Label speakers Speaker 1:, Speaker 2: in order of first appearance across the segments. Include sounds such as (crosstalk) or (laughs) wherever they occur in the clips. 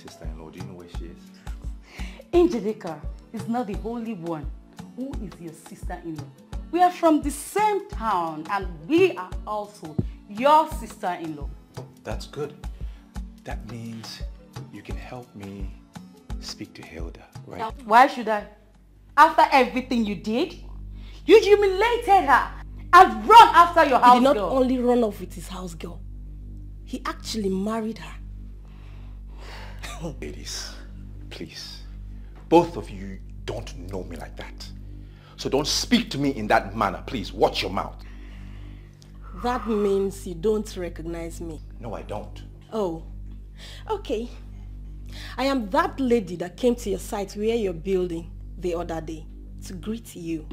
Speaker 1: Sister-in-law, do you know where she is?
Speaker 2: Angelica is not the only one who is your sister-in-law. We are from the same town and we are also your sister-in-law.
Speaker 1: that's good. That means you can help me speak to Hilda,
Speaker 2: right? Why should I? After everything you did, you humiliated her and run after your house He did not girl. only run off with his house girl. He actually married her.
Speaker 1: (coughs) Ladies, please, both of you don't know me like that. So don't speak to me in that manner. Please, watch your mouth.
Speaker 2: That means you don't recognize me.
Speaker 1: No, I don't.
Speaker 2: Oh, okay. I am that lady that came to your site where you're building the other day to greet you.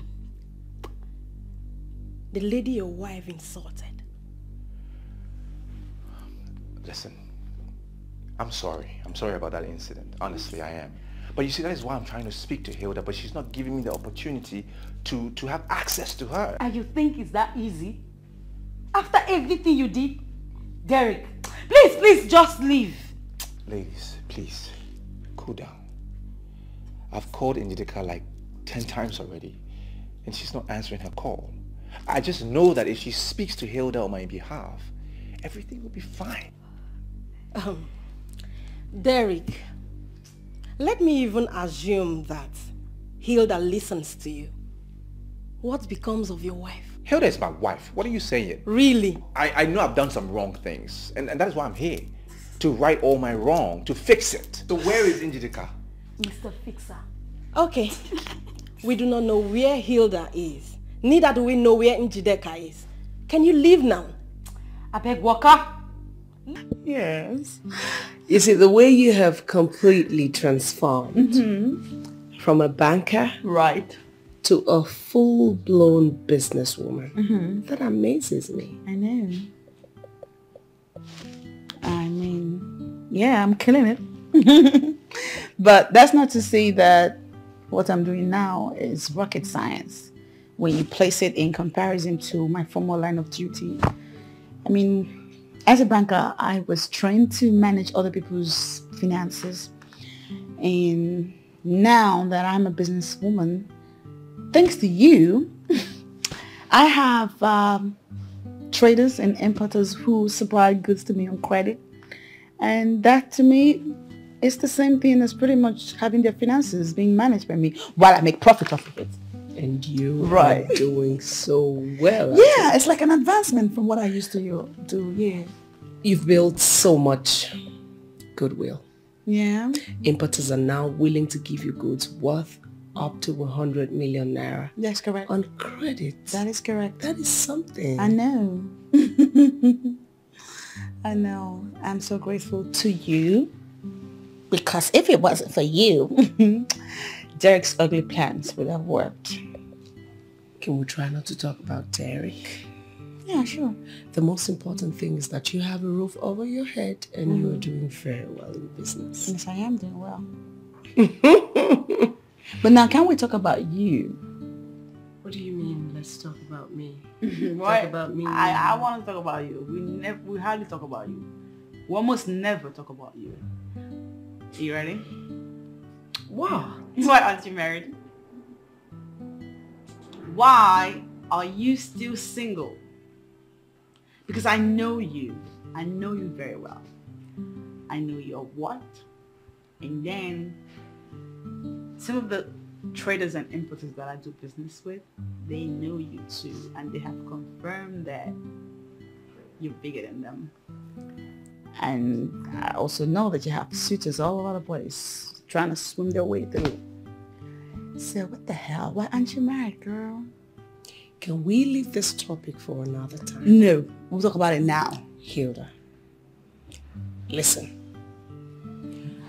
Speaker 2: The lady your wife insulted.
Speaker 1: Listen, I'm sorry. I'm sorry about that incident. Honestly, I am. But you see, that is why I'm trying to speak to Hilda, but she's not giving me the opportunity to, to have access to her.
Speaker 2: And you think it's that easy? After everything you did? Derek, please, please, just leave.
Speaker 1: Ladies, please, cool down. I've called Indidika like 10 times already, and she's not answering her call. I just know that if she speaks to Hilda on my behalf,
Speaker 2: everything will be fine. Oh. Derek, let me even assume that Hilda listens to you. What becomes of your wife?
Speaker 1: Hilda is my wife. What are you saying? Really? I, I know I've done some wrong things, and, and that is why I'm here. To right all my wrong, to fix it. So where is Injidika?
Speaker 2: Mr. Fixer. Okay. we do not know where Hilda is. Neither do we know where Injideka is. Can you leave now? I beg Walker. Yes. You see, the way you have completely transformed mm-hmm. from a banker right, to a full-blown businesswoman, mm-hmm. that amazes me. I know. I mean, yeah, I'm killing it. (laughs) but that's not to say that what I'm doing now is rocket science when you place it in comparison to my former line of duty. I mean, as a banker, I was trained to manage other people's finances. And now that I'm a businesswoman, thanks to you, (laughs) I have um, traders and importers who supply goods to me on credit. And that to me is the same thing as pretty much having their finances being managed by me while I make profit off of it and you right. are doing so well. Yeah, it's like an advancement from what I used to do. Yeah. You've built so much goodwill. Yeah. Importers are now willing to give you goods worth up to 100 million naira. That's correct. On credit. That is correct. That is something. I know. (laughs) I know. I'm so grateful to you because if it wasn't for you, (laughs) Derek's ugly plans would have worked. Can we try not to talk about Derek? Yeah, sure. The most important thing is that you have a roof over your head and mm. you are mm-hmm. doing very well in business. Yes, I am doing well. (laughs) but now, can we talk about you? What do you mean, let's talk about me? (laughs) talk about me. I, I want to talk about you. We, we hardly talk about you. We almost never talk about you. Are you ready? Wow. Why aren't (laughs) you married? why are you still single? Because I know you. I know you very well. I know your what. And then some of the traders and importers that I do business with, they know you too. And they have confirmed that you're bigger than them. And I also know that you have suitors all over the place trying to swim their way through. So what the hell? Why aren't you married, girl? Can we leave this topic for another time? No, we'll talk about it now. Hilda, listen.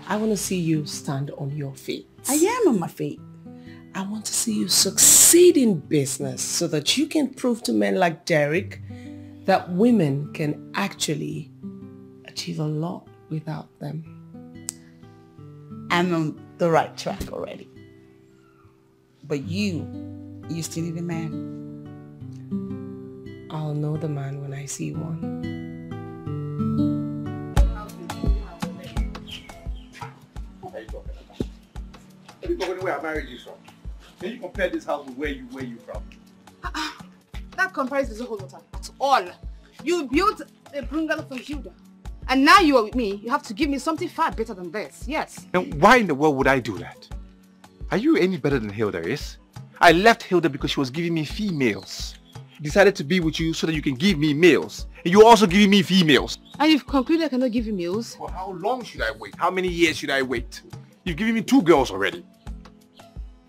Speaker 2: I want to see you stand on your feet. I am on my feet. I want to see you succeed in business so that you can prove to men like Derek that women can actually achieve a lot without them. I'm on the right track already. But you, you still need a man. I'll know the man when I see one.
Speaker 1: where I married you from? Can you compare this house with where you where you from?
Speaker 2: Uh, that comparison does the whole lot at all. You built a bungalow for Hilda. And now you are with me. You have to give me something far better than this. Yes.
Speaker 1: Now, why in the world would I do that? Are you any better than Hilda is? I left Hilda because she was giving me females decided to be with you so that you can give me males. And you're also giving me females.
Speaker 2: And you've concluded I cannot give you males? For how long
Speaker 1: should I wait? How many years should I wait? You've given me two girls already.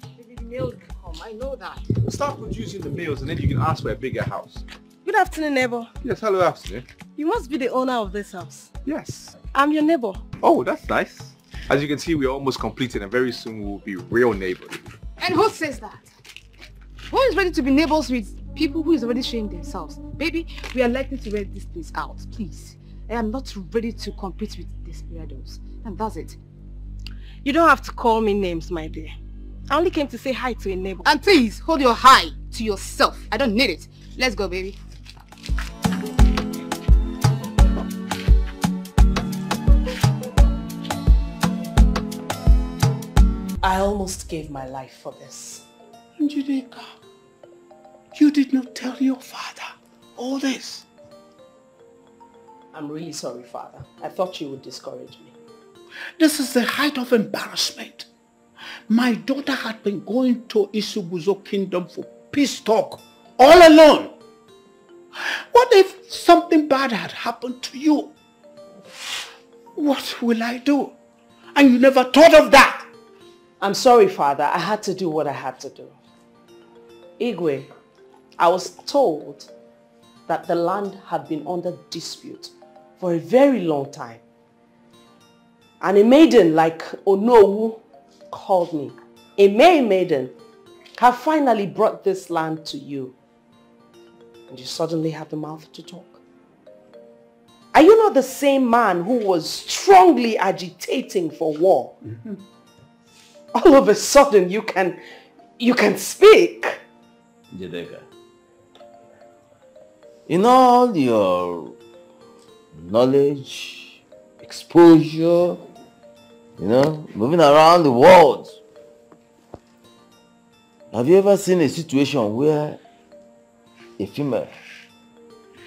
Speaker 2: come. I know that.
Speaker 1: Start producing the males and then you can ask for a bigger house.
Speaker 2: Good afternoon, neighbor.
Speaker 1: Yes, hello, afternoon.
Speaker 2: You must be the owner of this house. Yes. I'm your neighbor.
Speaker 1: Oh, that's nice. As you can see, we're almost completed and very soon we'll be real neighbors.
Speaker 2: And who says that? Who is ready to be neighbors with people who is already showing themselves. Baby, we are likely to wear this place out, please. I am not ready to compete with desperados. And that's it. You don't have to call me names, my dear. I only came to say hi to a neighbor. And please, hold your hi to yourself. I don't need it. Let's go, baby. I almost gave my life for this. Njideka. You did not tell your father all this. I'm really sorry, Father. I thought you would discourage me.
Speaker 1: This is the height of embarrassment. My daughter had been going to Isubuzo kingdom for peace talk all alone. What if something bad had happened to you?
Speaker 2: What will I do? And you never thought of that. I'm sorry, Father. I had to do what I had to do. Igwe, I was told that the land had been under dispute for a very long time. And a maiden like Onowu called me. A May maiden have finally brought this land to you. And you suddenly have the mouth to talk. Are you not the same man who was strongly agitating for war? Mm -hmm. All of a sudden you can, you can speak. Jedeka, in all your knowledge, exposure, you know, moving around the world. Have you ever seen a situation where a female,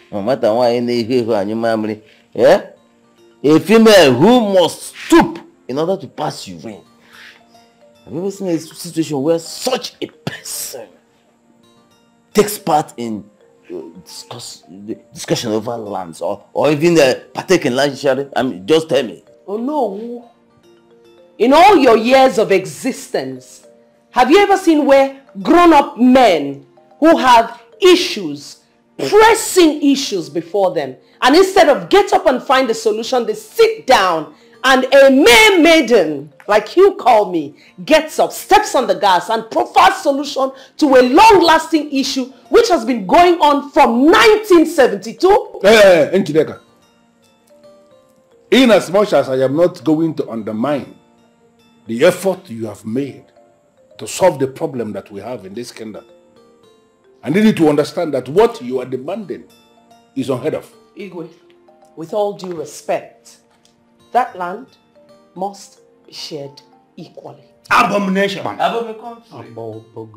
Speaker 2: no matter what any any memory, yeah, a female who must stoop in order to pass you in? Have you ever seen a situation where such a person takes part in discuss, discussion over lands or, or even uh, partake in land sharing? I mean, just tell me. Oh no. In all your years of existence, have you ever seen where grown-up men who have issues, pressing issues before them, and instead of get up and find a solution, they sit down and a May maiden, like you call me, gets up, steps on the gas, and provides solution to a long-lasting issue which has been going on from 1972. Hey, eh, eh, hey, eh, hey, in as much as I am not going to undermine the effort you have
Speaker 1: made to solve the problem that we have in this kingdom, I need you to understand that what you are demanding is unheard of.
Speaker 2: Igwe, with all due respect, that land must be shared equally. Abomination. Abomination.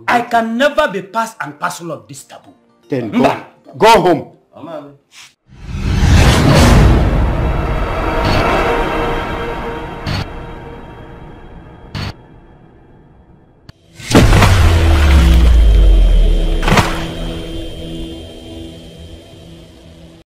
Speaker 2: I can never be part and parcel of this taboo. Then go, go home.